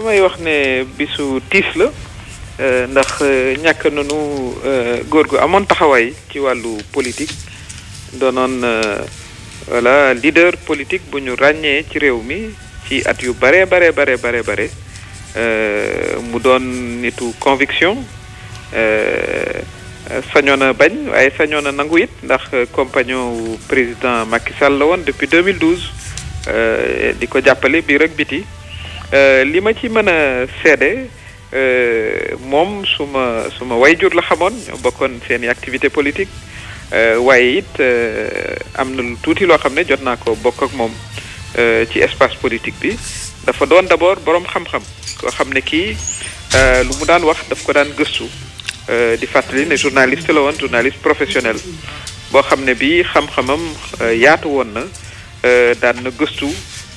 damay wax ne bisu tiis la euh, ndax euh, ñàkk nañu euh, góor gu amoon taxawaay ci wàllu politique doonoon voilà leader politique bu ñu ràññee ci réew mi ci at yu bare bare bare bare bare mu doon nitu conviction sañoon a bañ waaye sañoon a nangu it ndax compagnon wu président Macky Sall la woon depuis 2012 di ko jàppale bi rek biti Euh, li ma ci mën a seede euh, moom su ma su ma wayjur la xamoon bokkoon seeni activité politique euh, waaye it am na lu tuuti loo xam ne jot naa ko bokk ak moom ci espace politique bi dafa doon d'abord boroom xam-xam koo xam ne kii lu mu daan wax daf ko daan gëstu di fàttali ne journaliste la woon journaliste professionnel boo xam ne bi xam-xamam yaatu woon na daan na gëstu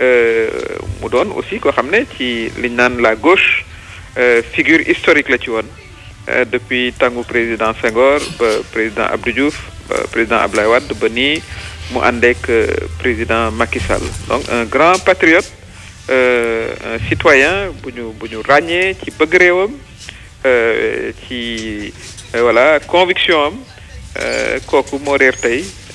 Euh, mu donne aussi koo la gauche euh, figure historique la euh, depuis le président Senghor président Abdou Diouf président Ablaye président Macky Sall donc un grand patriote un citoyen qui ñu bu voilà conviction am kooku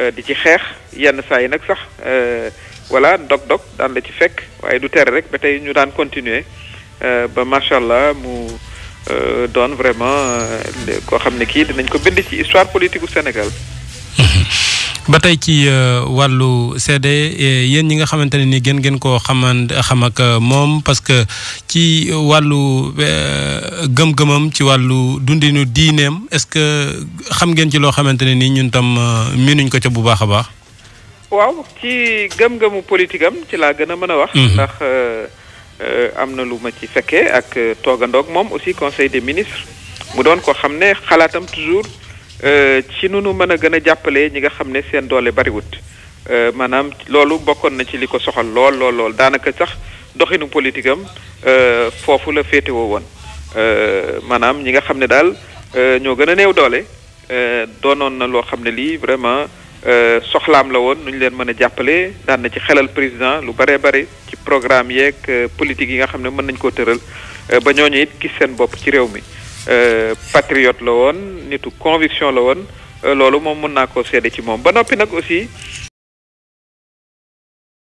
Euh, di ci xeex yenn saa yi nag sax euh, voilà dog-dog daan la ci fekk waaye du tere rek ba tey ñu daan continuer euh, ba macha allah mu doon vraiment koo xam ne kii dinañ ko bind ci histoire politique u Sénégal. ba tey ci euh, wàllu CD euh, yéen ñi nga xamante ne ni gën ngeen koo xaman xam euh, moom parce que ci wàllu gëm-gëmam ci wàllu dundinu diineem est-ce que xam ngeen ci loo xamante ne ni ñun tam miinuñ ko ca bu baax a baax. waaw ci gëm-gëmu politique ci laa gën a mën a wax. Mhm. ndax am na lu ma ci fekkee ak toogandoog moom aussi conseil de ministres mu doon ko xam ne xalaatam toujours. Euh, ci nu nu mën a gën a jàppale ñi nga xam ne seen doole bariwut euh, maanaam loolu bokkoon na ci li ko soxal lool lool lool daanaka sax doxinu politique am euh, foofu la féetewoo woon maanaam ñi nga xam ne daal ñoo gën a néew doole doonoon na loo xam ne lii vraiment soxlaam la woon nu ñu leen mën a jàppale daan na ci xelal président lu bare bare ci programme yeeg politique yi nga xam ne mën nañ koo tëral ba ñooñu it gis seen bopp ci réew mi Euh, patriote la woon nitu conviction la woon euh, loolu moom mën naa koo ci mom ba nopi nak aussi